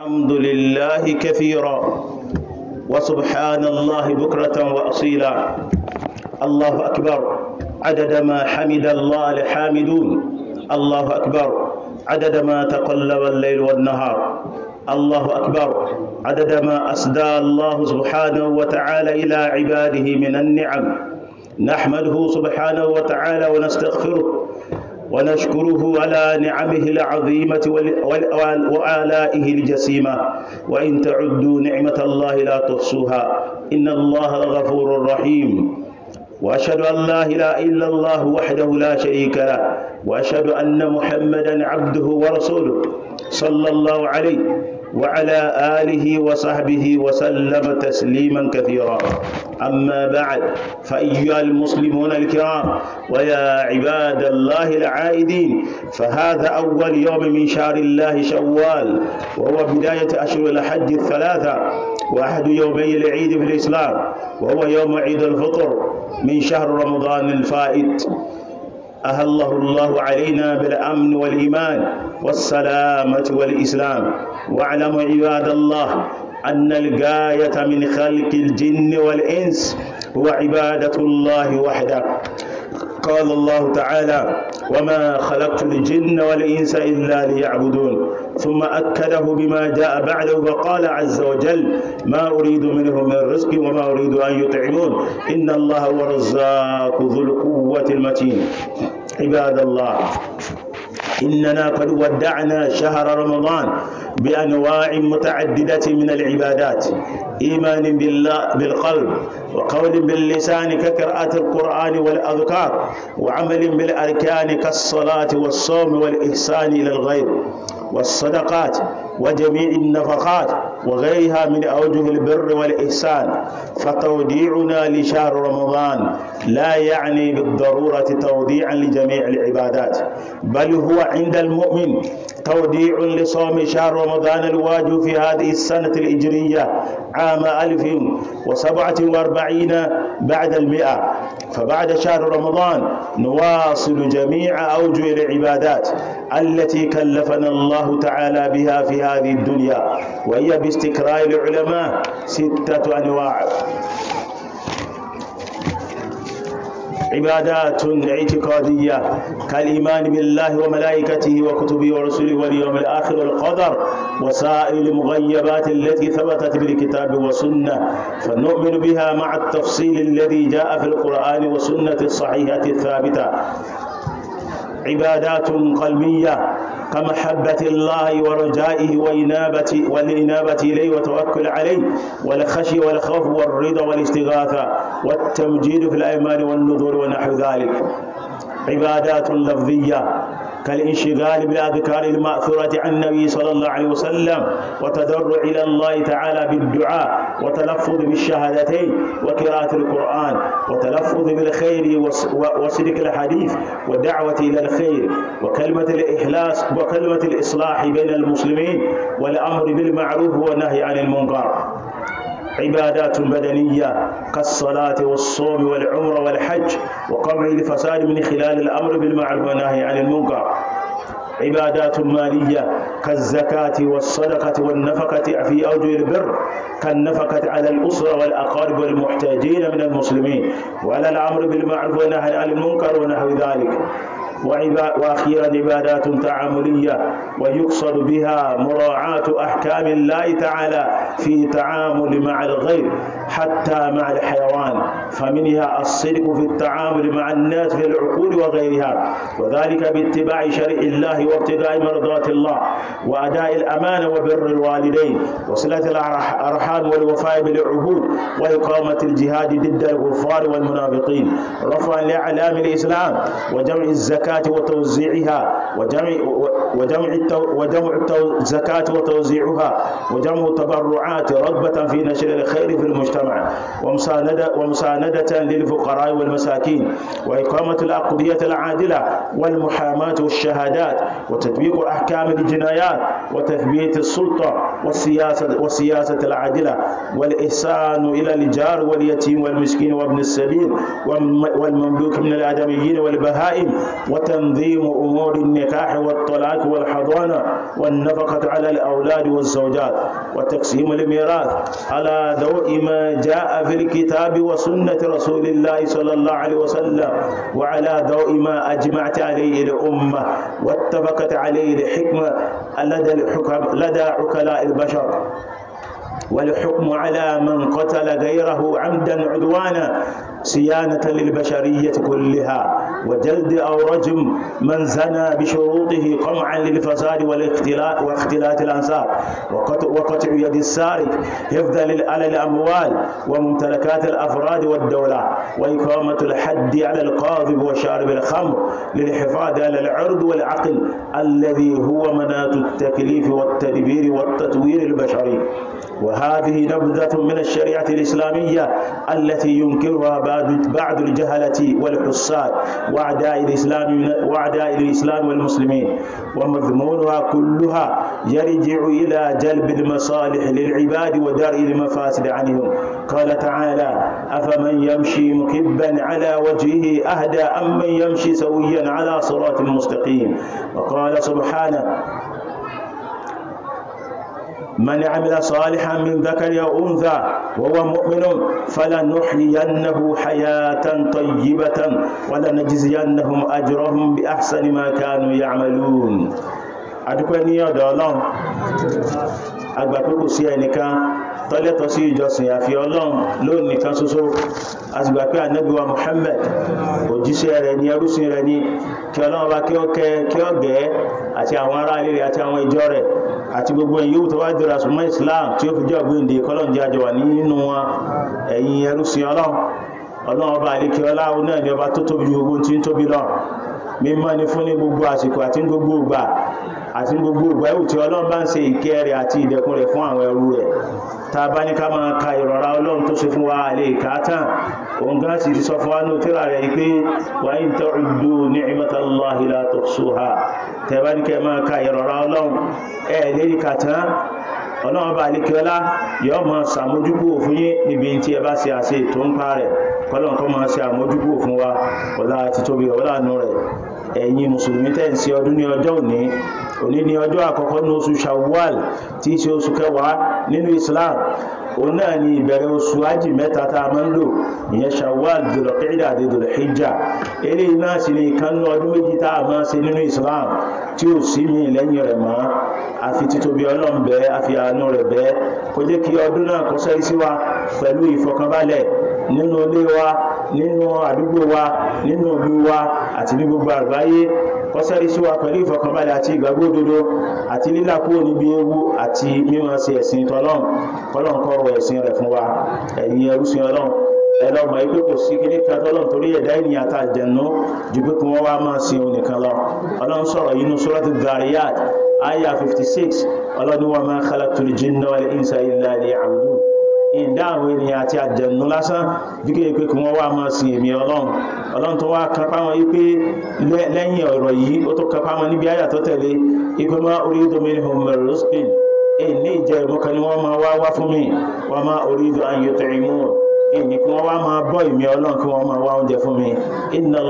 الحمد لله كثيرا وسبحان الله بكرة وأصيلا الله أكبر عدد ما حمد الله لحامدون الله أكبر عدد ما تقلب الليل والنهار الله أكبر عدد ما أسدى الله سبحانه وتعالى إلى عباده من النعم نحمده سبحانه وتعالى ونستغفره ونشكره على نعمه العظيمة وآلائه الجسيمة وإن تعدوا نعمة الله لا تحصوها إن الله الغفور رحيم وأشهد أن لا إله إلا الله وحده لا شريك له وأشهد أن محمدا عبده ورسوله صلى الله عليه وعلى آله وصحبه وسلم تسليما كثيرا أما بعد فأيها المسلمون الكرام ويا عباد الله العائدين فهذا أول يوم من شهر الله شوال وهو بداية أشهر الحج الثلاثة وأحد يومي العيد في الإسلام وهو يوم عيد الفطر من شهر رمضان الفائت أهله الله علينا بالأمن والإيمان والسلامة والإسلام واعلموا عباد الله أن الغاية من خلق الجن والإنس هو عبادة الله وحده قال الله تعالى وما خلقت الجن والإنس إلا ليعبدون ثم أكده بما جاء بعده وقال عز وجل ما أريد منه من رزق وما أريد أن يطعمون إن الله هو ذو القوة المتين عباد الله إننا قد ودعنا شهر رمضان بأنواع متعددة من العبادات إيمان بالله بالقلب وقول باللسان كقراءة القرآن والأذكار وعمل بالأركان كالصلاة والصوم والإحسان إلى الغير والصدقات وجميع النفقات وغيرها من أوجه البر والإحسان فتوديعنا لشهر رمضان لا يعني بالضرورة توديعا لجميع العبادات بل هو عند المؤمن توديع لصوم شهر رمضان الواجب في هذه السنة الإجرية عام 1047 بعد المئة فبعد شهر رمضان نواصل جميع أوجه العبادات التي كلفنا الله تعالى بها في هذه الدنيا وهي باستقراء العلماء ستة أنواع عبادات اعتقادية كالإيمان بالله وملائكته وكتبه ورسله واليوم الآخر والقدر وسائر المغيبات التي ثبتت بالكتاب والسنة فنؤمن بها مع التفصيل الذي جاء في القرآن والسنة الصحيحة الثابتة عبادات قلبية كمحبة الله ورجائه وإنابة والإنابة إليه وتوكل عليه والخشي والخوف والرضا والاستغاثة والتمجيد في الأيمان والنذور ونحو ذلك عبادات لفظية كالانشغال بالأذكار المأثورة عن النبي صلى الله عليه وسلم وتضرع إلى الله تعالى بالدعاء وتلفظ بالشهادتين وقراءة القرآن وتلفظ بالخير وصدق الحديث والدعوة إلى الخير وكلمة الإخلاص وكلمة الإصلاح بين المسلمين والأمر بالمعروف والنهي عن المنكر عبادات بدنية كالصلاة والصوم والعمر والحج وقمع الفساد من خلال الأمر بالمعروف والنهي عن المنكر عبادات مالية كالزكاة والصدقة والنفقة في أوجه البر كالنفقة على الأسرة والأقارب والمحتاجين من المسلمين وعلى الأمر بالمعروف والنهي عن المنكر ونحو ذلك وأخيرا عبادات تعاملية ويقصد بها مراعاة أحكام الله تعالى في تعامل مع الغير حتى مع الحيوان فمنها الصدق في التعامل مع الناس في العقول وغيرها وذلك باتباع شرع الله وابتغاء مرضات الله وأداء الأمانة وبر الوالدين وصلة الأرحام والوفاء بالعهود وإقامة الجهاد ضد الكفار والمنافقين رفعا لأعلام الإسلام وجمع الزكاة الزكاة وتوزيعها وجمع وجمع وجمع الزكاة وتوزيعها وجمع التبرعات رغبة في نشر الخير في المجتمع ومساندة ومساندة للفقراء والمساكين وإقامة الأقضية العادلة والمحاماة والشهادات وتطبيق أحكام الجنايات وتثبيت السلطة والسياسة, والسياسة العادلة والإحسان إلى الجار واليتيم والمسكين وابن السبيل والمملوك من الآدميين والبهائم وتنظيم أمور النكاح والطلاق والحضانة والنفقة على الأولاد والزوجات وتقسيم الميراث على ضوء ما جاء في الكتاب وسنة رسول الله صلى الله عليه وسلم وعلى ضوء ما أجمعت عليه الأمة واتفقت عليه الحكمة الذي الحكم لدى عكلاء البشر والحكم على من قتل غيره عمدا عدوانا صيانة للبشرية كلها وجلد أو رجم من زنى بشروطه قمعا للفساد واختلاط الأنصار وقطع, وقطع يد السارق حفظا على الأموال وممتلكات الأفراد والدولة وإقامة الحد على القاذب وشارب الخمر للحفاظ على العرض والعقل الذي هو مناة التكليف والتدبير والتطوير البشري وهذه نبذة من الشريعة الإسلامية التي ينكرها بعض الجهلة والحساد وأعداء الإسلام وأعداء الإسلام والمسلمين ومضمونها كلها يرجع إلى جلب المصالح للعباد ودرء المفاسد عنهم قال تعالى أفمن يمشي مكبا على وجهه أهدى أم من يمشي سويا على صراط مستقيم وقال سبحانه من عمل صالحا من ذكر أو أنثى وهو مؤمن فلنحيينه حياة طيبة ولنجزينهم أجرهم بأحسن ما كانوا يعملون أدوكني يا دولان أكبر كل شيء tọ́lẹ́tọ̀ sí ìjọsìn àfi ọlọ́run lónìí nìkan soso àsìgbà pé ànábì wa Muhammad òjíṣẹ́ rẹ̀ ni ẹrúsìn rẹ̀ ni kí ọlọ́run bá kí ó kẹ́ kí ó gẹ́ àti àwọn ará ilé rẹ̀ àti àwọn ìjọ rẹ̀ àti gbogbo ẹ̀yin yòówù tó wá dúra súnmọ́ Islam tí ó fi jẹ́ ògbéǹde kọ́lọ́n jẹ́ àjọwà nínú wọn ẹ̀yin ẹrúsìn ọlọ́run ọlọ́run ọba àlékè àti gbogbo ìgbàyò tí ọlọ́run bá ń ṣe ìkẹ́ rẹ̀ àti ìdẹ̀kùn rẹ̀ fún àwọn ẹrú rẹ̀ ta bá ní ká máa ka ìrọ̀rá ọlọ́run tó ṣe fún wa àlè ìkátà òun gá sì ti sọ fún wa ní òtíra rẹ̀ pé wà ní tọ́rọ̀dù ní ni'matallahi la tuhsuha tẹ bá ní kẹ máa ka tẹ́ ń ṣe ọdún ní ọjọ́ òní òní ni ọjọ́ àkọ́kọ́ ní oṣù shawwal tí í ṣe oṣù kẹwàá nínú islam òun náà ni ìbẹ̀rẹ̀ oṣù ájì mẹ́ta tá a máa ń lò ìyẹn shawwal dùlọ̀kídà àti dùlọ̀híjà eléyìí islam tí ò sí mi lẹ́yìn rẹ̀ mọ́ àfi títóbi ọlọ́run bẹ́ẹ̀ àfi àánú rẹ̀ bẹ́ẹ̀ kó jẹ́ kí ọdún náà kó sí wa pẹ̀lú ìfọkànbalẹ̀ nínú ilé wa nínú àdúgbò wa nínú ìlú wa àti ní gbogbo àgbáyé kọ́sẹ́rí sí wa pẹ̀lú ìfọkànbalẹ̀ àti ìgbàgbọ́ òdodo àti lílà kúrò níbi ewu àti mímọ̀ sí ẹ̀sìn tọ́lọ́n kọ́lọ́n kọ́ ọ̀rọ̀ ẹ̀sìn rẹ̀ fún wa ẹ̀yin ẹrúsìn ọlọ́run ẹlọ́mọ ipé kò sí kí ní kẹtọ́lọ́n torí ẹ̀dá ènìyàn àtàjẹ̀nú jù pé kí wọ́n wá máa sin òun nìkan lọ ọlọ́run sọ̀rọ̀ yìí nínú Suratu Dhariyat aya 56 ọlọ́run wa ma khalaqtul jinna wal insa illa liya'budun ìdá àwọn àti àjẹ̀nù lásán bí kí èpé kí wọ́n wá mọ́ sí èmì ọlọ́run ọlọ́run tó wá kápá wọn wípé lẹ́yìn ọ̀rọ̀ yìí ó tó kápá wọn níbi àyà tó tẹ̀lé ipé mọ́ orí domini homerospin ní ìjẹ́ ìmúkan ni wọ́n máa wá wá fún mi wọ́n máa orí ìdó ayò kí wọ́n wá máa bọ́ ìmì ọlọ́run kí wọ́n máa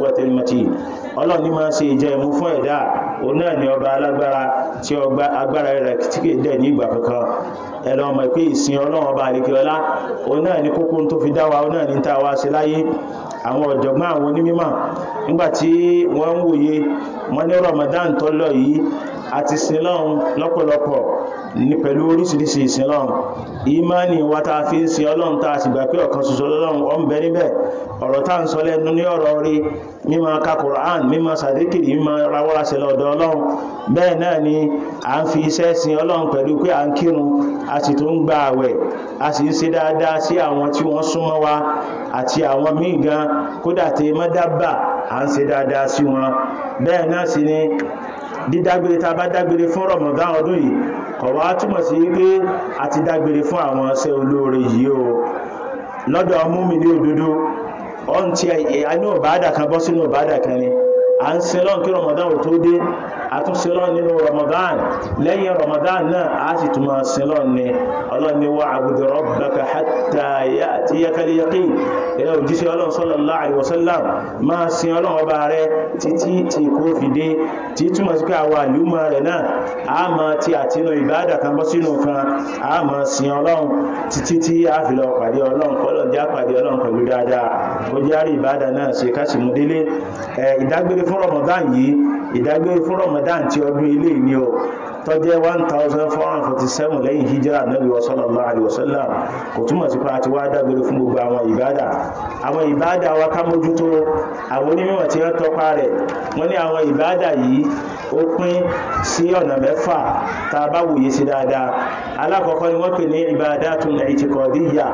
wá ọlọ́run ní máa ṣe ìjẹ ìmú fún ẹ̀dá òun náà ni ọba alágbára tí ọgbà agbára rẹ̀ tí kì í dẹ̀ ní ìgbà kankan ẹ̀lọ́ ọmọ ìpé ìsìn ọlọ́run ọba ọlá òun náà ni kókó tó fi dá wa òun náà ni tá wá ṣe láyé àwọn ọ̀jọ̀gbọ́n àwọn onímọ̀ nígbàtí wọ́n ń wòye wọ́n ní Ramadan tó lọ yìí àti sin lọ́pọ̀lọpọ̀ pẹ̀lú oríṣiríṣi ìsinlọ́run ìmáni wa ta fi ń sin ọlọ́run ta sì gbà pé ọ̀kan ṣoṣo lọ́lọ́run ọ ń bẹ níbẹ̀ ọ̀rọ̀ tá ń sọ lẹ́nu ní ọ̀rọ̀ orí mímọ̀ ka mímọ̀ sàdékìrì mímọ̀ rawọ́rasẹ̀ lọ́dọ̀ ọlọ́run bẹ́ẹ̀ náà ni a ń fi iṣẹ́ sin ọlọ́run pẹ̀lú pé a ń kírun a sì tún gba àwẹ̀ a sì ń ṣe dáadáa sí àwọn tí wọ́n súnmọ́ wa àti àwọn míì gan kódà tí mọ́dábà à ń ṣe dáadáa sí wọn bẹ́ẹ̀ náà sì ni dídágbére tá a bá dágbére fún Ramadan ọdún yìí kọ̀ wá túmọ̀ sí pé a ti dágbére fún àwọn iṣẹ́ olóore yìí o lọ́dọ̀ múmi ní òdodo ọ̀n tí a ní òbáàdà kan bọ́ sínú òbáàdà kan ni à ń sin lọ́n Ramadan ò tó dé àtúnṣe lọ́n nínú Ramadan lẹ́yìn Ramadan náà a sì tún máa sin lọ́n ni ọlọ́ni wa abudu rabbaka hatta ya'tiyaka al-yaqin ẹ̀rọ òjíṣẹ́ ọlọ́run sallallahu alaihi wasallam máa sin ọlọ́run ọba rẹ títí tí kò fi dé tí ti àtinú ìbáàdà kan bọ́ sínú ọlọ́run títí ìdágbére fún Ramadan yìí ìdágbére fún Ramadan ti ọdún eléyìí ni o tó jẹ́ 1447 lẹ́yìn hijira nabi wa sallallahu alaihi wasallam kò túmọ̀ sí pa àti wá dágbére fún gbogbo àwọn ìbádà àwọn ìbádà wa ká mójútó àwọn onímọ̀ tí wọ́n tọ́pa rẹ̀ wọ́n ní àwọn ìbádà yìí ó pín sí ọ̀nà mẹ́fà tá a bá wòye sí dáadáa alákọ̀ọ́kọ́ ni wọ́n pè ní ìbádàtun ìtìkọ̀díyà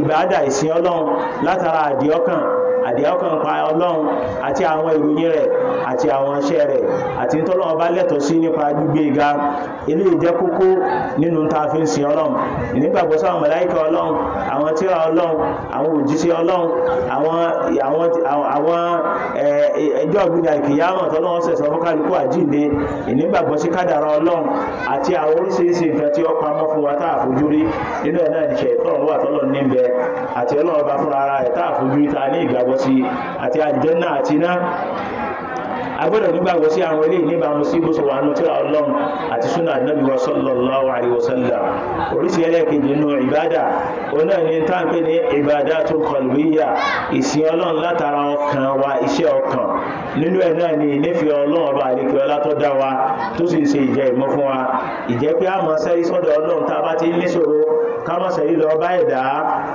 ìbádà ìsìn ọlọ́run látara àdìọ́kàn àdìọ́kàn pa ọlọ́run àti àwọn ìròyìn rẹ̀ àti àwọn iṣẹ́ rẹ̀ àti ń tọ́lọ́run bá lẹ́tọ̀ọ́ sí nípa gbígbé ga ilé ìjẹ́ kókó nínú tá a fi ń sin ọlọ́run ìnígbàgbọ́ sáwọn màláíkà ọlọ́run àwọn tírà ọlọ́run àwọn òjíṣẹ́ ọlọ́run àwọn ẹjọ́ ìgbìyà ìkìyàmọ̀ tọ́lọ́run sẹ̀sọ́ fún kálukú àjíǹde ìnígbàgbọ́ sí kádàrá ọlọ́run àti àwọn oríṣiríṣi nǹkan tí ó pamọ́ fún wa tá a fojú rí nínú ẹ̀ náà nìṣẹ́ ìtọ́run wà tọ́lọ́ níbẹ̀ àti ọlọ́run bá ní ìgbàgbọ́ sí àti àjẹ́nà àti agbọ́dọ̀ nígbàgbọ́ sí àwọn ilé ìníbàmú sí bó ṣe wà nù tíra ọlọ́run àti súnà ànábì wa sallallahu alaihi wasallam oríṣi ẹlẹ́ẹ̀kejì nù ìbádà òun náà ní táǹpé ní ìbádà tó nínú ẹ̀ náà ni nífẹ̀ẹ́ ọlọ́run ọba àlekè ọlá tó dá wa tó sì ṣe ìjẹ ìmọ̀ fún wa ìjẹ́ pé a mọ̀ sẹ́yìn sọ́dọ̀ ọlọ́run tá a bá ti ní ṣòro ká mọ̀ sẹ́yìn lọ bá ẹ̀dá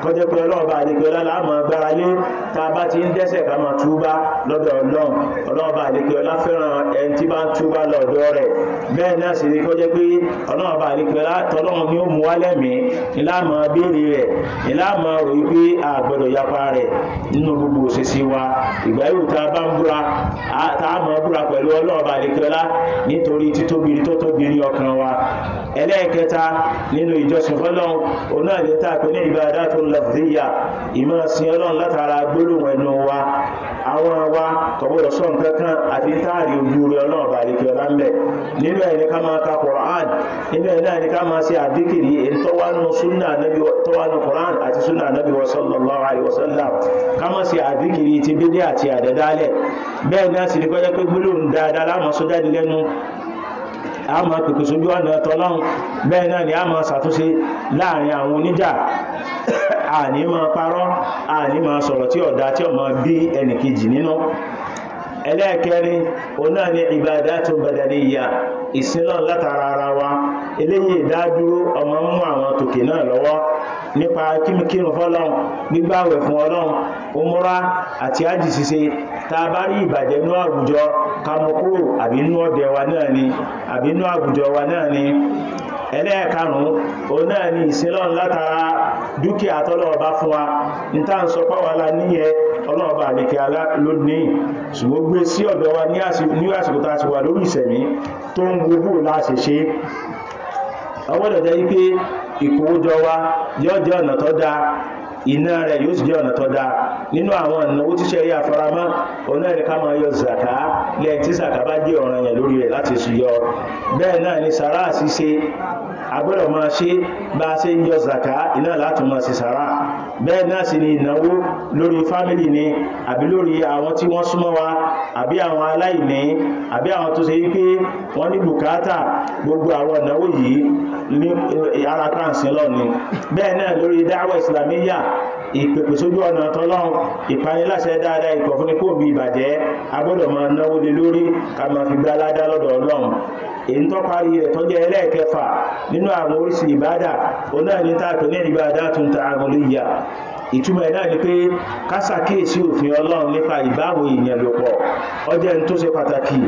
kọjá pé ọlọ́run ọba àlekè ọlá làá mọ̀ gbára lé tá a bá ti ń dẹ́ṣẹ̀ ká mọ̀ túbá lọ́dọ̀ ọlọ́run ọlọ́run ọba àlekè ọlá fẹ́ràn ẹni tí bá ń túbá lọ́dọ̀ rẹ̀ bẹ́ẹ̀ náà sì ni kọjá pé ọlọ́run ọba àlekè ọlá tọ́lọ́run ni ó mú wálẹ̀ mí ìlàmọ̀ béèrè rẹ̀ ìlàmọ̀ rò wípé àgbọ̀dọ̀ yapa rẹ̀ nínú gbogbo òṣèṣì wa ìgbà yóò tá a bá ń búra àtàmọ̀ búra pẹ̀lú ọlọ́ọ̀bà àdékẹ́lá nítorí títóbiri tó tóbiri ọkàn wa ẹlẹ́ẹ̀kẹta nínú ìjọsìn fọ́lọ́run òun náà lè tàpé ní ìbádátù lafziya ìmọ̀ sin ọlọ́run látara gbólóhùn àwọn wa kọ̀bọ̀dọ̀ sọ nǹkan kan àfi táàrí ojú rẹ ọlọ́run bá àríkẹ́ ọlá ńbẹ̀ nínú ẹ̀ ní ká máa ka Qur'an nínú ẹ̀ náà ní ká máa ṣe àdíkìrì èyí tó wà nù súnà ànábì tó wà nù Qur'an àti súnà ànábì wa sallallahu alaihi wasallam ká máa ṣe àdíkìrì ti bídé àti àdẹ́dálẹ̀ bẹ́ẹ̀ náà sì ní kọjá pé gbólóhùn dáadáa láàmú sójáde lẹ́nu a máa pèpè sójú ọ̀nà ẹ̀tọ́ ọlọ́run bẹ́ẹ̀ náà ni a máa ṣàtúnṣe láàrin àwọn oníjà àní máa parọ́ àní máa sọ̀rọ̀ tí ọ̀dá tí ó máa bí ẹnìkejì nínú ẹlẹ́ẹ̀kẹrin òun náà ni ìbádátù badaniyya ìsinlọ́n látara ara wa eléyìí ìdádúró ọmọ mú àwọn tòkè náà lọ́wọ́ nípa kíkírun fọ́lọ́n gbígbàwẹ̀ fún ọlọ́run umura àti ájì ṣíṣe tá a bá rí ìbàjẹ́ inú àwùjọ kamokuro àbí inú ọdẹ wa náà ni àbí inú àwùjọ wa náà ni ẹlẹ́ẹ̀karùn-ún òun náà ni ìsinlọ́n látara dúkìá tọ́lọ́ọ̀bá fún wa ní tá ń sọ pàwàlá níyẹ ọlọ́ọ̀bá àlèkè alá ṣùgbọ́n gbé lórí tó ń gbogbo láti ṣe jẹ́ wípé ìkówójọ wa yóò jẹ́ ọ̀nà tó dáa iná rẹ̀ yóò sì jẹ́ ọ̀nà tó dáa nínú àwọn ìnáwó tí ṣe rí àfaramọ́ ọ̀nà ká máa yọ zàká lẹ́yìn tí bá jẹ́ lórí rẹ̀ láti bẹ́ẹ̀ náà ni àgbọ́dọ̀ máa ṣe bá ṣe ń yọ zaka iná láti máa ṣe sàrà bẹ́ẹ̀ náà sì ni ìnáwó lórí fámílì ni àbí lórí àwọn tí wọ́n súnmọ́ wa àbí àwọn aláìní àbí àwọn tó ṣe wípé wọ́n ní bùkátà gbogbo àwọn ìnáwó yìí ní eh, ara kransin lọ́ni bẹ́ẹ̀ náà lórí dáwọ̀ islamiyya ìpèpè sójú ọ̀nà tọ́lọ́run ìpaniláṣẹ dáadáa ìkọ̀fúnni kò bí ìbàjẹ́ agbọ́dọ̀ máa náwó lé lórí ká máa fi gbá ládá lọ́dọ̀ ọlọ́run èyí tó parí rẹ̀ tó jẹ́ ẹlẹ́ẹ̀kẹfà nínú àwọn oríṣi ìbádà òun náà ní tààtò ní ìbádà tó ń ta àrùn lóyà ìtumọ̀ náà ni pé kásàkíyèsí òfin ọlọ́run nípa ìbáwo èèyàn lò pọ̀ ọjọ́ ẹni tó ṣe pàtàkì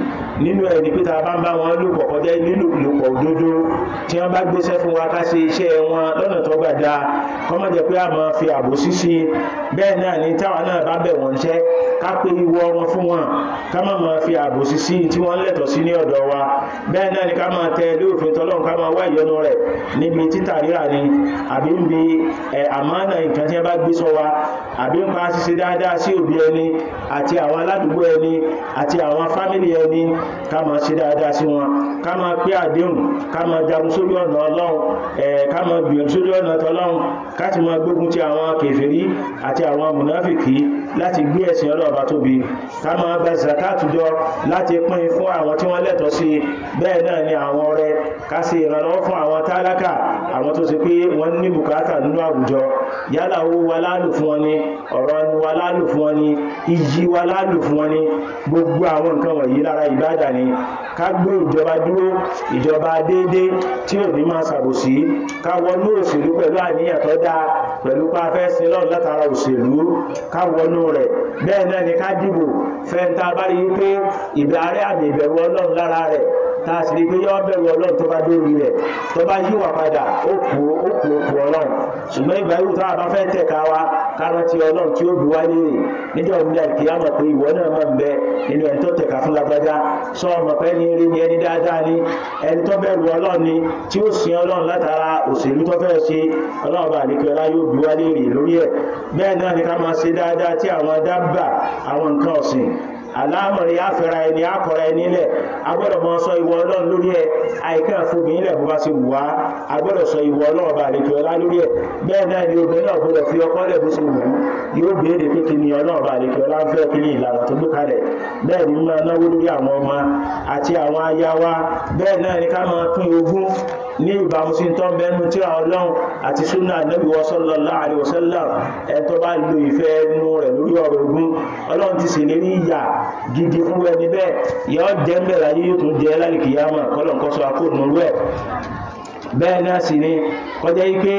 nínú ẹ̀ ni pé ta bá ń bá wọn lò pọ̀ kọjá nílò lò pọ̀ òdodo tí wọ́n bá gbéṣẹ́ fún wa ká ṣe iṣẹ́ wọn lọ́nà tó gbà dáa pé a máa fi àbòsí sí bẹ́ẹ̀ náà ni táwa náà bá bẹ̀ wọ́n ṣẹ́ ká pé ìwọ wọn fún wọn ká má máa fi àbòsí sí tí wọ́n lẹ́tọ̀ọ́ sí ní ọ̀dọ̀ wa bẹ́ẹ̀ náà ni ká máa tẹ ilé òfin tọ́lọ́run ká máa wá ìyọnu rẹ̀ níbi títà rírà ni àbí ń bi ẹ̀ àmánà nǹkan tí wọ́n bá gbé sọ wa àbí ń pa ṣíṣe dáadáa sí òbí ẹni àti àwọn aládùúgbò ẹni àti àwọn fámìlì ẹni ká máa ṣe dáadáa sí wọn ká máa pé àdéhùn ká máa jagun sórí ọ̀nà ọlọ́run ẹ̀ ká máa gbìyànjú sórí ọ̀nà tọ́lọ́run ká sì máa gbógun ti àwọn kèfèrí àti àwọn mùnáfìkì láti gbé ẹ̀sìn ọlọ́ ọba bi, ká máa bẹ zakat jọ láti pín fún àwọn tí wọ́n lẹ́tọ̀ọ́ sí bẹ́ẹ̀ náà ni àwọn ọrẹ ká sì ìrànlọ́wọ́ fún àwọn tálákà àwọn tó sì pé wọ́n ní bùkátà nínú àwùjọ yálà owó wa lálù fún wọn ni ọ̀rọ̀ wa lálù fún wọn ni iyì wa lálù fún wọn ni gbogbo àwọn nǹkan wọ̀nyí lára ìbádà ni ká gbé ìjọba dúró ìjọba déédéé tí ò máa ṣàbòsí ká wọnú òṣèlú pẹ̀lú àníyàn tó dáa pẹ̀lú pa fẹ́ sin lọ́run látara òṣèlú káwọnú rẹ̀ bẹ́ẹ̀ náà ni ká dìbò fẹ́ntà bá rí pé ìbẹ̀rẹ̀ àmì ìbẹ̀rù ọlọ́run lára rẹ̀ tá a sì rí pé yọ bẹ̀rù ọlọ́run tó bá dórí rẹ̀ tó bá yíwà padà ó kú ó kú ó kú ọlọ́run ṣùgbọ́n ìgbà yóò tó a fẹ́ tẹ̀ka wa kára ti ọlọ́run tí ó bí wá léèrè níjọ́ òmìnira ìkìyàmọ̀ pé ìwọ náà máa ń bẹ nínú ẹni tó tẹ̀ka fún lágbájá sọ ọmọ pé ní rí ni ẹni dáadáa ni ẹni tó bẹ̀rù ọlọ́run ni tí ó sin ọlọ́run látara òṣèlú tó fẹ́ ṣe ọlọ́run bá àdékẹ́ ọlá yóò bí wá léèrè lórí ẹ̀ bẹ́ẹ̀ náà ni ká máa ṣe dáadáa tí aláàmọ̀rin àfẹ́ra ẹni àkọ̀rọ̀ ẹni lẹ̀ agbọ́dọ̀ mọ́ sọ ìwọ ọlọ́run lórí ẹ àìkẹ́ fúnmi ilẹ̀ bó bá ṣe wù wá agbọ́dọ̀ sọ ìwọ ọlọ́run bá lè kí ọlá lórí ẹ bẹ́ẹ̀ náà ni obìnrin náà gbọ́dọ̀ fi ọkọ lẹ̀ bó ṣe wù yóò béèrè pé kí ni ọlọ́run bá lè kí ọlá ń fẹ́ kí ni ìlànà tó gbé kalẹ̀ bẹ́ẹ̀ ni máa náwó lórí àwọn ọmọ àti àwọn aya wa bẹ́ẹ̀ náà ni ká máa pín ogún ní ìbámu sí tó bẹnu tí a ọlọ́run àti súnà ànábì sallallahu alaihi wasallam ẹ̀ tó bá lo ìfẹ́ ẹnu rẹ̀ lórí ọ̀rọ̀ ogún ọlọ́run ti ṣèlérí ìyà gidi fún ẹni bẹ́ẹ̀ yọ jẹ́ ń bẹ̀rẹ̀ ayé yóò tún jẹ́ lálìkìyàmọ̀ kọ́lọ̀kọ́sọ akóònù rẹ̀ bẹ́ẹ̀ náà sì ni kọjá yí pé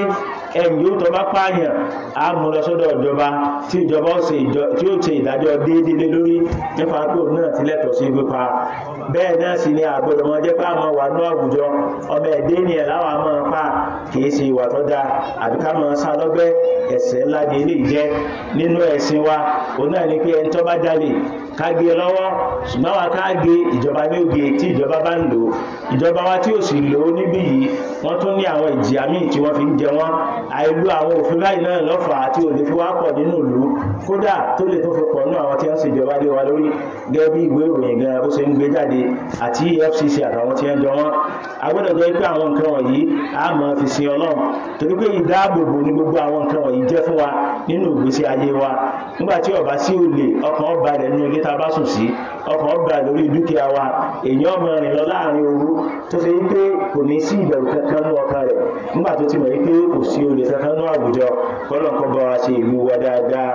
ẹ̀yìn yóò tọba pààyàn àmúlọsọ́dọ̀ ìjọba tí ìjọba tí ó ṣe ìdájọ́ déédéé lórí nípa pé òun náà ti lẹ́tọ̀ọ́ sí pípa bẹ́ẹ̀ náà sì ni àgbọ̀dọ̀ wọn jẹ́ pé àwọn wà ní àwùjọ ọmọ ẹ̀dẹ́ ènìyàn láwọn àmọ́ pa kìí ṣe ìwà tó dáa àbí ká máa sá lọ́gbẹ́ ẹ̀ṣẹ̀ ńlá ni eléyìí jẹ́ nínú ẹ̀sìn wa òun náà ni pé ẹni tó bá jalè ká gbé lọ́wọ́ ṣùgbọ́n wa ká gbé ìjọba ní oge tí ìjọba bá ń lò ìjọba wa tí ò sì lò ó níbí yìí wọ́n tún ní àwọn ìjìyà míì tí wọ́n fi ń jẹ wọ́n àìlú àwọn òfin báyìí náà lọ́fà àti òde fi wá pọ̀ nínú ìlú kódà tó lè tó fi pọ̀ nínú àwọn tí wọ́n ń ṣèjọba lé wa lórí gẹ́gẹ́ bí ìwé ìròyìn gan bó ṣe ń gbé jáde àti EFCC àtàwọn tí wọ́n jọ wọ́n a jẹ́ pé àwọn nǹkan wọ̀nyí a máa fi sin Ọlọ́run torí pé ìdáàbòbò ní gbogbo àwọn nǹkan wọ̀nyí jẹ́ fún wa nínú ìgbésí ayé wa nígbà tí ó sí olè ọkàn ọba rẹ̀ nínú ilé tá a bá sùn sí ọkàn ọgbà lórí dúkìá wa èèyàn ọmọ rìn lọ láàrin òru tó ṣe wípé kò ní sí ìbẹ̀rù kankan ní ọkàn rẹ̀ nígbà tó ti mọ̀ wípé kò sí olè kankan ní àwùjọ kọ́lọ̀ kan bá wa ṣe ìlú wa dáadáa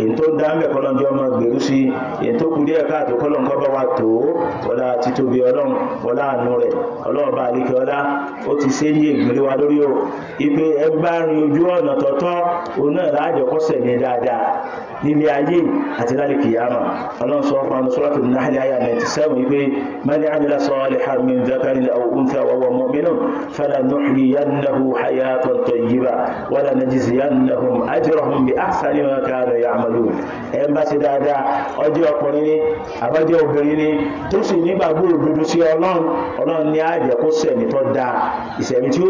èyí tó dá ń bẹ̀ kọ́lọ̀ jọ ọmọ gbèrú sí èyí tó kú díẹ̀ káàtó kọ́lọ̀ kan bá wa tó ọlá títóbi ọlọ́run ọlá rẹ̀ ọlọ́run nílé ayé àti lálẹ́ kìyàmà ọlọ́run sọ fún àwọn sọ́rọ́tò náhìlì ayà 97 wípé mani amila salihan min dhakarin aw untha wa huwa mu'minun falanuhyiyannahu hayatan tayyiba wa lanajziyannahum ajrahum bi ahsani ma kanu ya'malun ẹ̀ ń bá ṣe dáadáa ọjọ́ ọkùnrin ni àbájọ́ obìnrin ni tó sì nígbàgbọ́ òdodo sí ọlọ́run ọlọ́run ní àjẹ́ kó sẹ̀mí tó dáa ìsẹ̀mí tí ó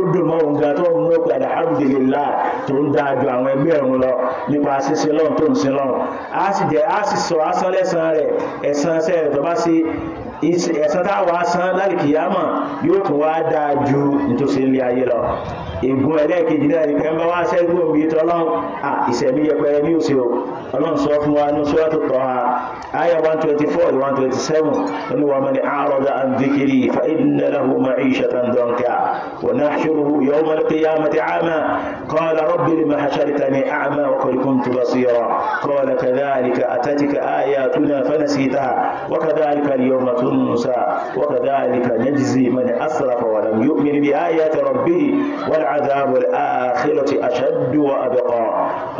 dùn ọlọ́run a sì jẹ́ a sì sọ asán lẹ́san rẹ̀ ẹ̀san sẹ́ rẹ̀ tó bá san lálìkìyàmọ̀ yóò tún wá dáa ju nítòsí ilé ayé lọ ègún ẹlẹ́ẹ̀kejì náà ni kẹ́ ń bá wá ṣẹ́gun òbí tọ́lọ́run à ìṣẹ̀mí yẹpẹrẹ ní òsè o ọlọ́run sọ fún wa ní Suratu Taha aya 124 127 wọn wà mọ́ ni a'rada an dhikri fa inna lahu ma'ishatan danka wa nahshuruhu yawma al-qiyamati a'ma qala rabbi lima hashartani a'ma wa qad kuntu basira qala kadhalika atatika ayatuna fanasitaha wa kadhalika al-yawma tunsa wa kadhalika najzi man asrafa wa lam yu'min bi ayati rabbih wa العذاب الآخرة أشد وأبقى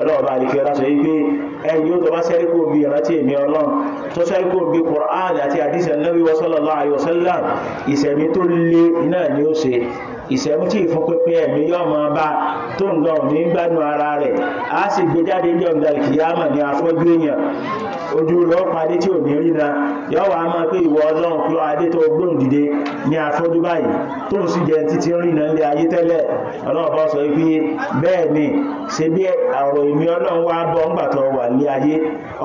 ọlọ́wọ́ bá àríkẹ́ láti rí pé ẹni yóò tó bá sẹ́ríkò bí ìrántí èmì ọlọ́run tó sẹ́ríkò bí Qur'an àti àdísẹ̀ Nábì sallallahu alaihi wasallam ìsẹ̀mí tó lé náà ni ó ṣe ìsẹ̀mí tí ìfún pínpín ẹ̀mí yóò máa bá tó ń lọ ní gbádùn ara rẹ̀ á sì gbé jáde ní ọ̀gbẹ̀lì kìyàmà ní afọ́jú èèyàn ojú rẹ̀ ó padé tí ò ní ríra yọ́ wàá máa pé ìwọ ọlọ́run pé adé tó gbóhùn dìde ní afọ́jú báyìí tó ń sì jẹ títí rína lé ayé tẹ́lẹ̀ ọlọ́run bá sọ wípé bẹ́ẹ̀ ni ṣe bí àrò ìmí ọlọ́run wá bọ́ ńgbà tó wà lé ayé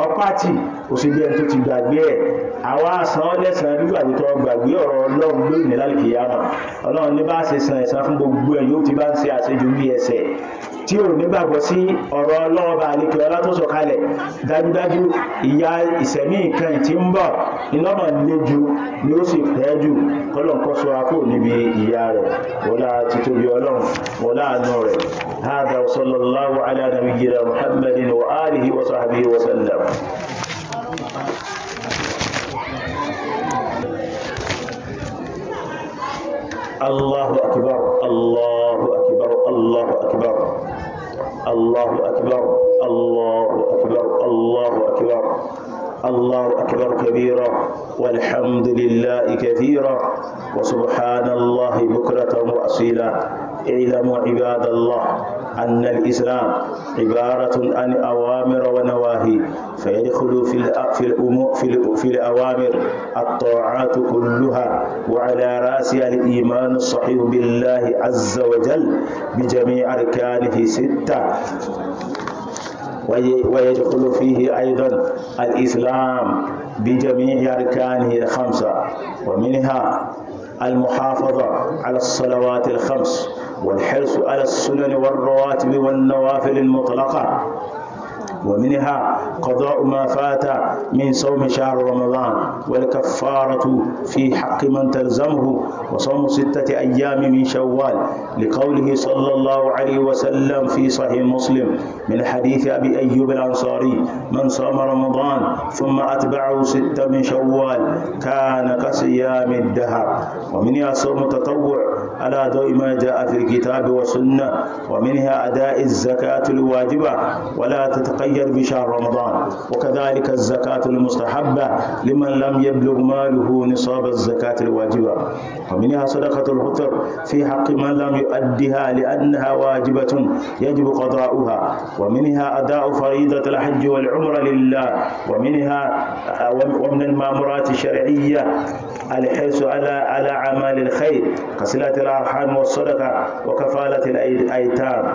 ọpátì kò sí bí ẹni tó ti gbàgbé ẹ̀ àwa san ọ́ lẹ́sàn-án nígbà tó gbàgbé ọ̀rọ̀ ọlọ́run lónìí lálùkìyàmọ̀ ọlọ́run ní bá ṣe san ẹ̀san fún gbogbo ẹ̀ yóò ti bá ń ṣe àṣejù bí ẹsẹ̀ tí ò nígbàgbọ́ sí ọ̀rọ̀ ọlọ́ọ̀bà àlekè ọlá tó sọ̀kalẹ̀ dájúdájú ìyà ìsẹ̀mí nǹkan tí ń bọ̀ ìlọ́mọ̀ le ju ni ó sì pẹ́ jù kọ́lọ̀ kọ́ sọ akó níbi ìyà rẹ̀ wọlá títóbi ọlọ́run wọlá الله أكبر الله أكبر الله أكبر الله أكبر الله أكبر الله أكبر الله أكبر كبيرا والحمد لله كثيرا وسبحان الله بكرة وأصيلا اعلموا عباد الله أن الإسلام عبارة عن أوامر ونواهي فيدخل في في الأمور في, في الأوامر الطاعات كلها وعلى رأسها الإيمان الصحيح بالله عز وجل بجميع أركانه ستة ويدخل فيه أيضا الإسلام بجميع أركانه الخمسة ومنها المحافظة على الصلوات الخمس والحرص على السنن والرواتب والنوافل المطلقة ومنها قضاء ما فات من صوم شهر رمضان والكفارة في حق من تلزمه وصوم ستة أيام من شوال لقوله صلى الله عليه وسلم في صحيح مسلم من حديث أبي أيوب الأنصاري من صام رمضان ثم أتبعه ستة من شوال كان كصيام الدهر ومنها صوم تطوع على ضوء ما جاء في الكتاب والسنة ومنها أداء الزكاة الواجبة ولا تتقيد بشهر رمضان وكذلك الزكاة المستحبة لمن لم يبلغ ماله نصاب الزكاة الواجبة ومنها صدقة الفطر في حق من لم يؤدها لأنها واجبة يجب قضاؤها ومنها أداء فريضة الحج والعمرة لله ومنها ومن المامورات الشرعية الحرص على على اعمال الخير كصله الارحام والصدقه وكفاله الايتام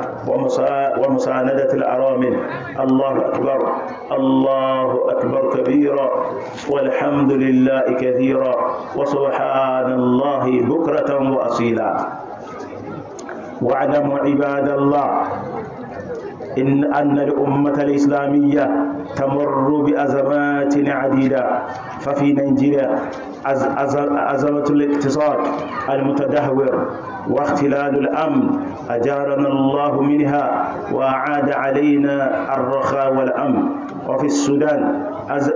ومسانده الارامل الله اكبر الله اكبر كبيرا والحمد لله كثيرا وسبحان الله بكره واصيلا واعلموا عباد الله إن أن الأمة الإسلامية تمر بأزمات عديدة ففي نيجيريا أزمة الاقتصاد المتدهور واختلال الأمن أجارنا الله منها وأعاد علينا الرخاء والأمن وفي السودان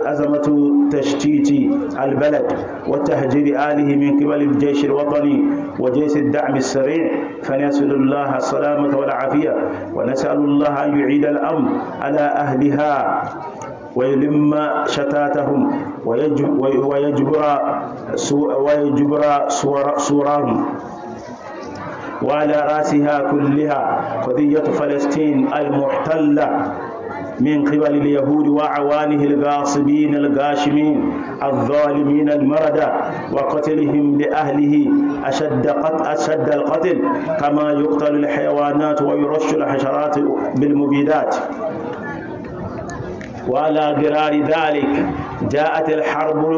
أزمة تشتيت البلد وتهجير آله من قبل الجيش الوطني وجيش الدعم السريع فنسأل الله السلامة والعافية ونسأل الله أن يعيد الأمن على أهلها ويلم شتاتهم ويجبر سورهم وعلى رأسها كلها قضية فلسطين المحتلة من قبل اليهود وعوانه الغاصبين الغاشمين الظالمين المردة وقتلهم لأهله أشد, أشد القتل كما يقتل الحيوانات ويرش الحشرات بالمبيدات وعلى غرار ذلك جاءت الحرب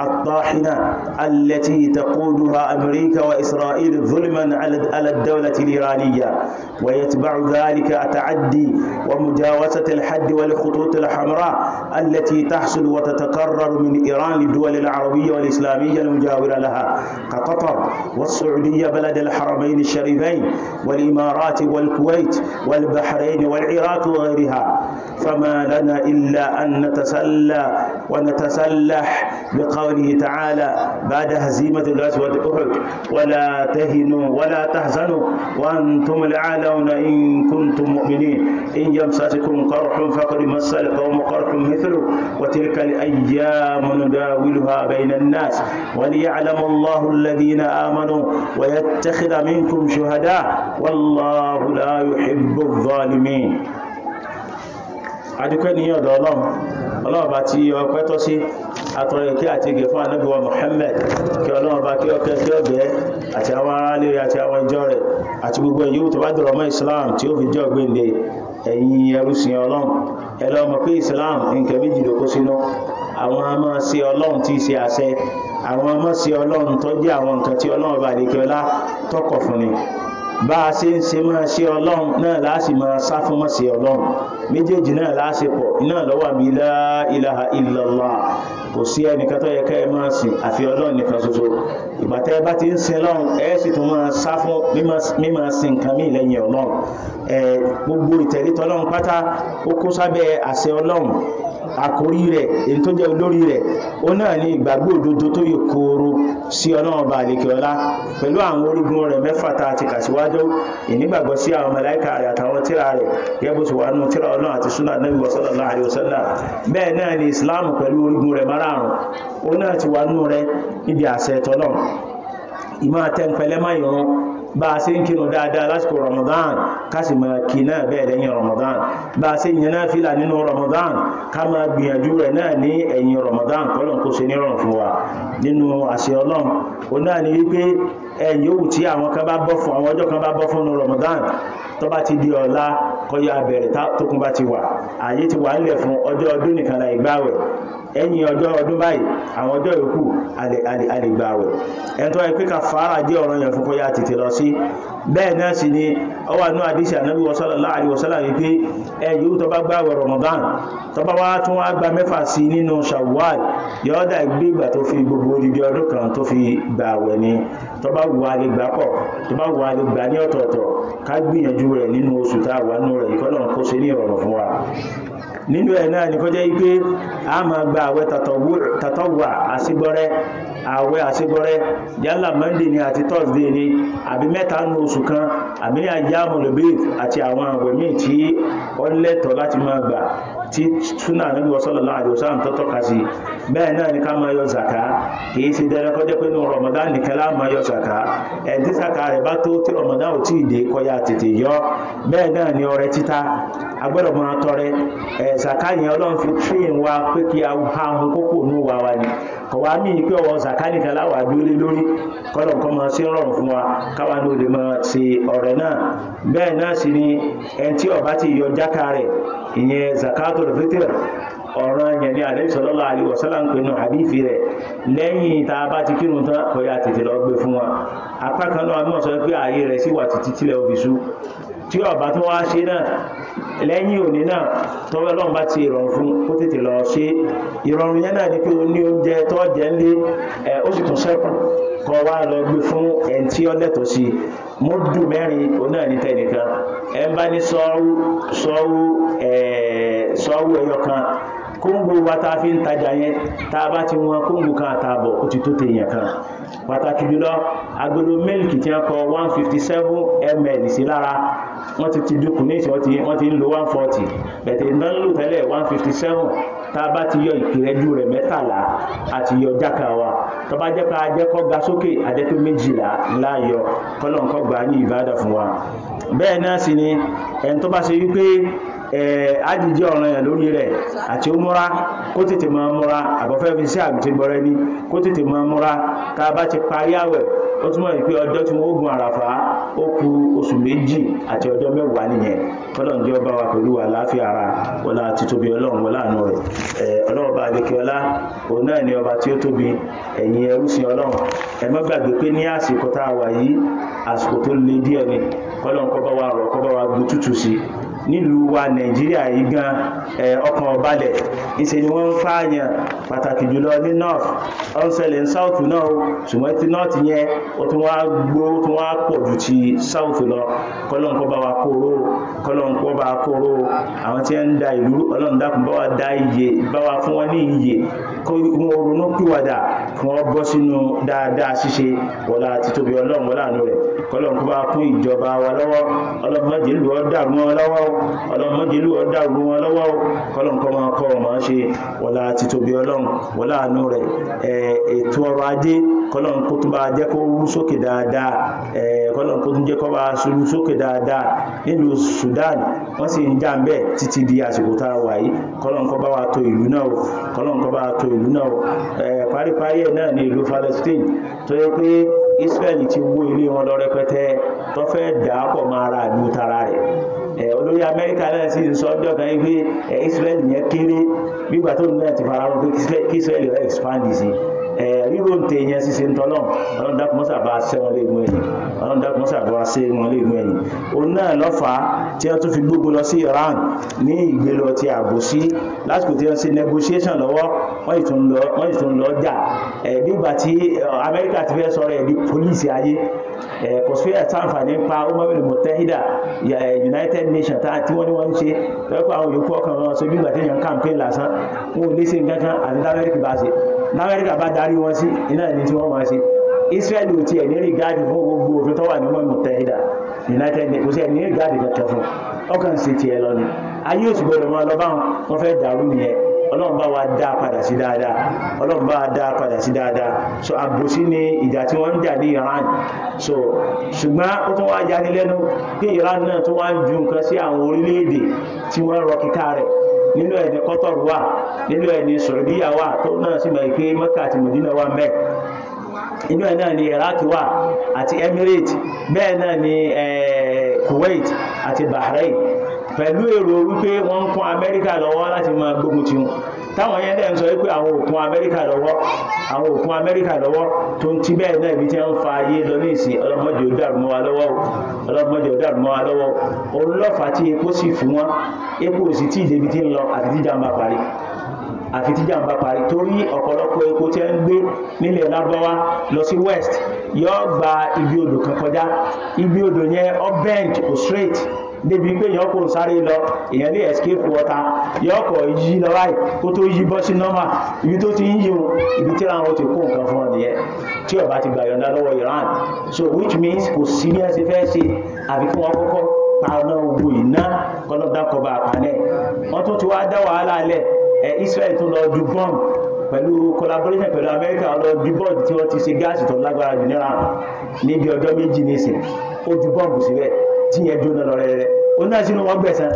الطاحنة التي تقودها أمريكا وإسرائيل ظلما على الدولة الإيرانية ويتبع ذلك التعدي ومجاوسة الحد والخطوط الحمراء التي تحصل وتتكرر من إيران للدول العربية والإسلامية المجاورة لها كقطر والسعودية بلد الحرمين الشريفين والإمارات والكويت والبحرين والعراق وغيرها فما لنا إلا أن نتسلى ونتسلح بقوله تعالى بعد هزيمة الأسود أحد ولا تهنوا ولا تحزنوا وأنتم الأعلون إن كنتم مؤمنين إن يمسسكم قرح فقد مس القوم قرح مثله وتلك الأيام نداولها بين الناس وليعلم الله الذين آمنوا ويتخذ منكم شهداء والله لا يحب الظالمين adúpẹ́ ní ọ̀dọ̀ ọlọ́run ọlọ́run bá ti ọpẹ́ tọ́ sí atọrọ ìkẹ́ àti ìgẹ̀ fún ànábì wa Muhammad kí ọlọ́run bá kí ọkẹ́ kí ọgbẹ́ àti àwọn aráàlẹ́ rẹ̀ àti àwọn ìjọ rẹ̀ àti gbogbo èyí tó bá dọ̀rọ̀ mọ́ Islam tí ó fi jẹ́ ọ̀gbìnlẹ̀ ẹ̀yìn ẹrúsìn ọlọ́run ẹlọ́mọ pé Islam nǹkan méjì ló kó sínú àwọn ọmọ sí ọlọ́run tí í ṣe àṣẹ àwọn ọmọ sí ọlọ́run tó jẹ́ àwọn nǹkan tí ọlọ́run bá lè kí ọlá tọkọ̀ fún ni bá a ṣe ń ṣe máa ṣe ọlọ́run náà láàṣì máa sá fún mọ́ sí ọlọ́run méjèèjì náà láàṣì pọ̀ iná lọ́wọ́ mi la ilaha illallah kò sí ẹnìkan tó yẹ ká ẹ máa sìn àfi ọlọ́run nìkan ṣoṣo ìgbà tẹ́ ẹ bá ti ń sin ọlọ́run ẹ sì tún máa sá fún mímọ̀ sí nǹkan míì lẹ́yìn ọlọ́run gbogbo ìtẹ̀lé tọ́lọ́run pátá ó kó sábẹ́ àṣẹ ọlọ́run àkórí rẹ̀ èyí tó jẹ́ olórí rẹ̀ ó náà ní ìgbàgbọ́ òdodo tó yẹ kóoro sí ọlọ́run bá àlekè ọlá pẹ̀lú àwọn orígun rẹ̀ mẹ́fà tá a ti kà síwájú ìnígbàgbọ́ sí àwọn màláíkà rẹ̀ àtàwọn tíra rẹ̀ gẹ́gbó ti wà nù tíra ọlọ́run àti súnà Nábì sallallahu alaihi wasallam bẹ́ẹ̀ náà ni Islam pẹ̀lú orígun rẹ̀ márààrún ó náà ti wà nù rẹ̀ níbi àṣẹ tọ́lọ́run ìmọ̀ àtẹnpẹlẹ́mọ̀ bá a ṣe ń kírun dáadáa lásìkò Ramadan ká sì máa kí náà bẹ́ẹ̀ lẹ́yìn Ramadan bá a ṣe ń yẹn náà fìlà nínú Ramadan ká máa gbìyànjú rẹ̀ náà ní ẹ̀yìn Ramadan kọ́lọ̀ kó ṣe nírọ̀rùn fún wa nínú àṣẹ Ọlọ́run òun náà ni wípé ẹ̀yìn yòówù tí àwọn kan bá bọ́ fún àwọn ọjọ́ kan bá bọ́ fún Ramadan tó bá ti di ọ̀la kọjá abẹ̀rẹ̀ tókun bá ti wà ààyè ti wà nílẹ̀ fún ọjọ́ ọdún nìkan la ìgbàwẹ̀ ẹ̀yìn ọjọ́ ọdún báyìí àwọn ọjọ́ yòókù àlègbàwẹ̀ ẹ̀ńtọ́ ẹ pé ká fàárà jẹ́ ọ̀ranyàn fún kọjá tètè lọ sí bẹ́ẹ̀ náà sì ni ọwà ní àdísì ànábí sallallahu alaihi wasallam wípé ẹ̀yí tó bá gbààwẹ̀ Ramadan tó bá wá tún wá gba mẹ́fà sí nínú Shawwal yọ́dà gbé ìgbà tó fi gbogbo odidi ọdún kan tó fi gbààwẹ̀ ni tó bá wù wá lè gbà pọ̀ tó bá wù wá lè gbà ní ọ̀tọ̀ọ̀tọ̀ ká gbìyànjú rẹ̀ nínú oṣù tá a wà nínú rẹ̀ ìkọ́lọ̀ ààwẹ̀ àṣegbọ́rẹ́ yálà monday ni àti thursday ni àbí mẹ́ta nínú oṣù kan àbí ní ajá mọ̀lẹ́bí àti àwọn àwẹ̀ tí ó lẹ́tọ̀ọ́ láti máa gbà tí súnà níbi sallallahu alaihi wasallam tó tọ́ka sí bẹ́ẹ̀ náà ni ká yọ zaka kìí ṣe dẹ́rẹ́ kọjá pé ní Ramadan nìkan láà yọ zaka ẹ̀dí zaka rẹ̀ bá tó tí Ramadan ò tí ì dé kọjá tètè yọ bẹ́ẹ̀ náà ni ọrẹ títa tọrẹ ẹ̀ yẹn Ọlọ́run fi tírìn wa pé kí a nù wa ni kọ̀wá pé ọwọ́ nìkan láwà dúró lórí nǹkan ìyẹn zakatul fitr ọ̀ràn yẹn ni àlẹ́ ìṣọ́lọ́lá àríwọ̀ sọ́lá ń pè nù àdífì rẹ̀ lẹ́yìn tá a bá ti kírun tán kọ̀yà tètè lọ gbé fún wa apá kan náà mọ̀ sọ pé ààyè rẹ̀ sì wà títí tílẹ̀ òfìsú tí ọba tó wá ṣe náà lẹ́yìn òní náà tọ́wọ́ ọlọ́run bá ti ìrọ̀rùn fún kó tètè lọ ṣe ìrọ̀rùn yẹn náà ni pé o ní oúnjẹ tó jẹ́ ń lé ẹ̀ ó sì tún ṣẹ́kù kọ́ wá lọ gbé fún ẹni tí ó lẹ́tọ̀ọ́ sí mo dùn mẹ́rin òun náà ní tẹnìkan ẹ ń bá ní sọ́ọ́rù sọ́ọ́rù ẹ̀ẹ́dẹ́gbẹ̀ẹ́ kóńgò wa ta fi ń tajà yẹn tá a bá ti wọn kóńgò kan àtààbọ̀ ó ti tó tèèyàn kan pàtàkì jùlọ agolo mílìkì tí wọ́n kọ one ml sí lára wọ́n ti ti dúkùn ní ìṣọ́ tí wọ́n ti ń lo one forty bẹ̀tẹ̀ iná ń lò tẹ́lẹ̀ one fifty seven tá a bá ti yọ ìpìrẹ́jú rẹ̀ mẹ́tàlá àti yọ jáka wa tó jẹ́ ká jẹ́ kó ga sókè àjẹ́pé méjìlá ńlá yọ gbà ní ìbádà fún wa bẹ́ẹ̀ náà sì ni ẹni tó bá ṣe wípé ájìjí eh, ọ̀ranyàn lórí rẹ̀ àti múra kó tètè máa múra àbọ̀fẹ́ fi sí àgùntì gbọ́rẹ́ ní kó tètè máa múra a bá ti parí àwẹ̀ ó túmọ̀ sí pé ọjọ́ tí wọ́n gun àràfà ó ku oṣù méjì àti ọjọ́ mẹ́wàá nìyẹn kọ́lọ̀ ní ọba wa pẹ̀lú ara wọlá ti tóbi ọlọ́run wọlá àánú rẹ̀ eh, ọlọ́run bá òun náà ni ọba tí ó tóbi ẹ̀yin ẹrúsìn ọlọ́run ẹ má gbàgbé pé ní àsìkò tá nílùú wa nàìjíríà yìí gan ọkàn ọbalẹ̀ ìṣe ni wọ́n ń fààyàn pàtàkì jùlọ ní north ọ̀n ṣẹlẹ̀ ní south náà o ṣùgbọ́n ti north yẹn ó tún wá gbó ó tún wá pọ̀ ju ti south lọ kọ́lọ́n kọ́ bá wa kóró kọ́lọ́n kọ́ bá wa kóró àwọn tí ń da ìlú ọlọ́run dákun bá wa dá iye bá wa fún wọn ní iye kó wọn ronú pìwàdà kí wọ́n bọ́ sínú dáadáa ṣíṣe wọlá àti tóbi ọlọ́run wọlá àánú rẹ̀ kọ́lọ́n bá wa kún ìjọba wa lọ́wọ́ ọlọ́mọdé ọlọ́mọdélú ọdá rú wọn lọ́wọ́ kọlọ̀nkọ́ máa kọ́ ọmọ ṣe wọlá ti tóbi ọlọ́run wọlá àánú rẹ̀ ètò ọrọ̀ ajé kọlọ̀nkó tún bá jẹ́ kó rú sókè dáadáa kọlọ̀nkó tún jẹ́ kó bá rú sókè dáadáa nílùú Sudan wọ́n sì ń jà ń bẹ̀ títí di àsìkò tá a wà yìí kọlọ̀nkọ́ bá wa tò ìlú náà o kọlọ̀nkọ́ bá wa tò ìlú náà o paríparí ẹ̀ náà ní ìlú Palestine tó yẹ pé Israel ti wó ilé wọn lọ rẹpẹtẹ tó fẹ́ dàápọ̀ máa ra ìlú tara rẹ̀ ẹ̀ olórí amẹ́ríkà náà sì ń sọ ọjọ́ kan wípé ẹ̀ israel yẹn kéré nígbà tó náà ti fara wọn pé kí israel yẹn expand sí ẹ̀ ríro ń tèèyàn ṣiṣẹ́ ń tọ́lọ̀ ọlọ́run dákúmọ́sà bá ṣẹ́ wọn léegun ẹ̀yìn ọlọ́run dákúmọ́sà bá ṣẹ́ wọn léegun ẹ̀yìn òun náà lọ́fà tí wọ́n tún fi gbogbo lọ sí iran ní ìgbélọ ti àbòsí lásìkò tí wọ́n ṣe negotiation lọ́wọ́ wọ́n ìtún lọ jà ẹ̀ nígbà tí amẹ́ríkà ti fẹ́ sọ̀rọ̀ ẹ̀ di pólíìsì ayé Eh, kò sí ẹ̀sánfàní pa umarul mutahida eh, united nations tá tí wọ́n ní wọ́n ń ṣe lọ́pọ̀ àwọn yòókù ọkàn wọn so gbígbà téèyàn campaign lásán wọn ò lè ṣe nǹkan kan àti lamẹ́ríkà bá ṣe lamẹ́ríkà bá darí wọn sí iná ní tí wọ́n máa ṣe israel ò tiẹ̀ ní rìgáàdì fún gbogbo òfin tó wà ní umarul mutahida united nations kò sí ẹ̀ ní rìgáàdì kankan fún ọkàn sì tiẹ̀ lọ ni ayé òṣùgbọ́n lọ́mọ lọ́bàwọn wọ́n fẹ́ dàrú nìyẹn ọlọ́run bá wa dá padà sí dáadáa ọlọ́run bá wa dá padà sí dáadáa so àbòsí ni ìjà tí wọ́n ń jà ní Iran so ṣùgbọ́n ó tún wá jáde lẹ́nu pé Iran náà tún wá ń ju nǹkan sí àwọn orílẹ̀-èdè tí wọ́n rọ kíká rẹ̀ nínú ẹni Qatar wà nínú ẹni Saudiya wà tó náà sì mọ̀ pé Mẹ́kà àti Mẹdínà wà mẹ́ inú ẹ̀ náà ni Iraq wà àti Emirates bẹ́ẹ̀ náà ni eh, Kuwait àti Bahrain pẹ̀lú èrò wípé wọ́n ń kún Amẹ́ríkà lọ́wọ́ láti máa gbógun ti wọn táwọn yẹn dẹ̀ ń sọ wípé àwọn òkun Amẹ́ríkà lọ́wọ́ àwọn òkun Amẹ́ríkà lọ́wọ́ tó ń ti bẹ́ẹ̀ náà ibi tí wọ́n ń fa ayé lọ ní ìsìn ọlọ́mọdé ó dàrú mọ́ wa lọ́wọ́ ọlọ́mọdé ó dàrú mọ́ wa lọ́wọ́ òun lọ́fà tí epo sì fún wọn epo sì tí ì débi ń lọ àti tí jàǹbá parí àfi tí jàǹbá parí torí ọ̀pọ̀lọpọ̀ epo tí ń gbé nílẹ̀ lábọ́wá lọ sí west yóò gba ibi odò kan kọjá ibi odò yẹn up bend or straight débi pé èèyàn kò sáré lọ èèyàn lè escape water yọ ọkọ̀ yí lọ báyìí kó tó yí bọ́ sí normal ibi tó ti ń yí o ibi tí àwọn ti kó nǹkan fún ọ nìyẹn tí ọba ti gbà yọ̀ǹda lọ́wọ́ Iran so which means kò sí bí wọ́n ṣe fẹ́ ṣe àbí kí wọ́n kọ́kọ́ pa ọ̀nà ogun iná kọ́lọ́dákọ̀ọ́bà àpàlẹ̀ wọ́n tún ti wá dá wàhálà lẹ̀ ẹ̀ Israel tún lọ ju bọ́ọ̀mù pẹ̀lú collaboration pẹ̀lú Amẹ́ríkà ọ̀dọ̀ dubọ́ọ̀d tí wọ́n ti ṣe gáàsì tó lágbára jù níra níbi ọjọ́ méjì nísìn ó ju bọ́ọ̀mù síbẹ̀ tí ẹjọ́ náà lọ rẹ̀ ó náà sínú wọn gbẹ̀sán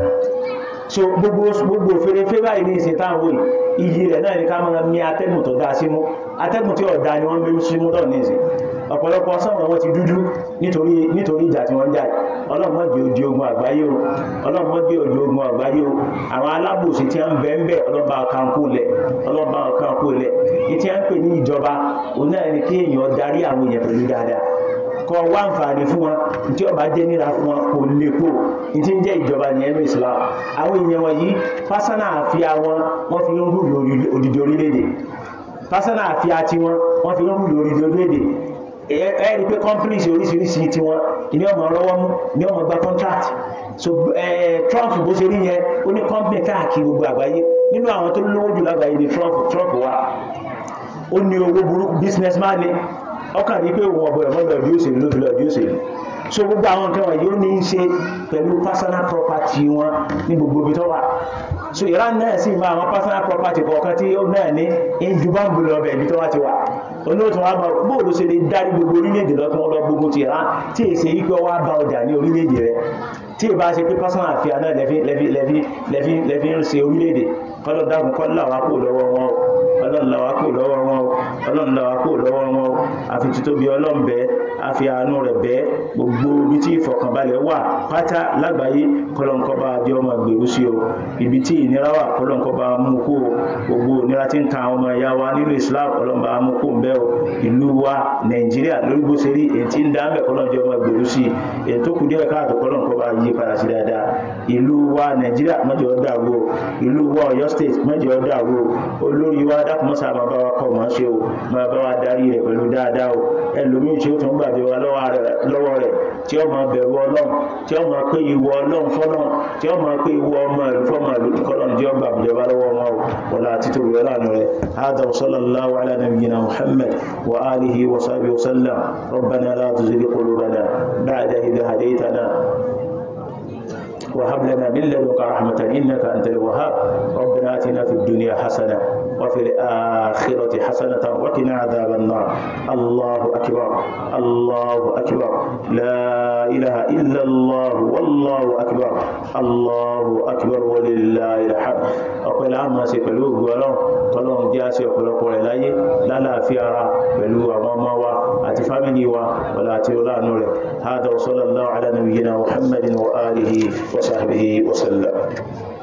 so gbogbo gbogbo fèrèfé báyìí ní ìsìn táwọn wòye iyì rẹ̀ náà ní ká máa mi atẹ́gùn tó dáa símú atẹ́gùn tí ọ̀dà ni wọ́n mímú símú lọ́ọ̀ ní ìsìn ọ̀pọ̀lọpọ̀ sọ́wọ́n wọn ti dúdú nítorí nítorí ìjà tí wọ́n ń jà ọlọ́mọ di odi ogun àgbáyé o ọlọ́mọ di odi ogun àgbáyé o àwọn alábòsí tí wọ́n ń bẹ̀ ń bẹ̀ ọlọ́ba ọ̀kankú lẹ̀ ọlọ́ba ọ̀kankú lẹ̀ ìtí wọ́n ń pè ní ìjọba òun náà ni kéèyàn darí àwọn èèyàn pẹ̀lú dáadáa kọ wá àǹfààní fún wọn tí ọba jẹ́ níra fún wọn kò lè kó tí ń jẹ́ ìjọba ní ẹ̀rọ Islam àwọn èèyàn wọ̀nyí pásánà àfíà wọn wọ́n fi ń rú lórí odidi orílẹ̀-èdè pásánà àfíà tiwọn wọ́n fi ń rú lórí orílẹ̀-èdè ẹ̀rí pé companies oríṣiríṣi tí wọ́n ọmọ ọlọ́wọ́ mú ní ọmọ gba contract so Trump bó ṣe rí yẹn ó ní company káàkiri gbogbo àgbáyé nínú àwọn tó lówó jù lágbàáyé ni Trump wà ó ní owó burúkú businessman ni ọkàn rí pé òun ọ̀bọ̀dọ̀ mọ́gbọ̀n bí ó ṣe ló fi lọ bí ó ṣe so gbogbo àwọn nǹkan wọ̀nyí ó ní í ṣe pẹ̀lú personal property wọn ní gbogbo ibi tó wà so ìran náà sì máa àwọn personal property kọ̀ọ̀kan tí ó náà ní ìjú báńbù lọ́bẹ̀ ibi tó wà ti wà olóòtú wa bá bóòlù ṣe lè dárí gbogbo orílẹ̀-èdè lọ́tún lọ gbogbo ti ìran tí èsè yìí gbọ́ wá bá ọjà ní orílẹ̀-èdè rẹ̀ tí ìbá ṣe pé personal àfihàn náà lẹ́fí ń ṣe orílẹ̀-èdè kọ́lọ́ dákun kọ́lọ́ àwọn kò lọ́wọ́ wọn o ọlọ́run là wá kò lọ́wọ́ wọn o ọlọ́run là wá kò lọ́wọ́ wọn o àfi títóbi ọlọ́run bẹ́ẹ̀ àfi àánú rẹ̀ bẹ́ẹ̀ gbogbo ibi tí ìfọ̀kànbalẹ̀ wà pátá lágbàáyé kọlọ́nkọ́ba bí ọmọ ìgbèrú sí o ibi tí ìnira wà kọlọ́nkọ́ba mú kó o gbogbo ìnira tí ń ka àwọn ọmọ ìyá wa nínú Islam kọlọ́nba mú kó ń bẹ́ o ìlú wa Nàìjíríà lórí bó ṣe rí èyí tí ń dá mẹ́ kọlọ́njẹ́ ọmọ ìgbèrú sí i èyí tó kù dákun mọ́sà bàbá wa kọ̀ wọ́n ṣe o bàbá wa darí rẹ̀ pẹ̀lú dáadáa o ẹlòmíì tí ó tún gbàgbé wa lọ́wọ́ rẹ̀ tí ó máa bẹ̀rù ọlọ́run tí ó máa pé ìwọ ọlọ́run fọ́nà tí ó máa pé ìwọ ọmọ ìlú fọ́mọ ìlú kọ́lọ́n tí ó gbà jọba lọ́wọ́ wọn o wọlá títò rẹ̀ lánàá rẹ̀ hada wa وهب لنا من لدنك رحمة إنك أنت الوهاب ربنا آتنا في الدنيا حسنة وفي الآخرة حسنة وقنا عذاب النار الله أكبر الله أكبر لا إله إلا الله والله أكبر الله أكبر ولله الحمد أقول عما سيقلوه ولو قلوه جاسي وقلوه قلوه láyé lálàáfíà ara pẹ̀lú àwọn ọmọ wa فهمني ولا تولى نورك هذا وصلى الله على نبينا محمد وآله وصحبه وسلم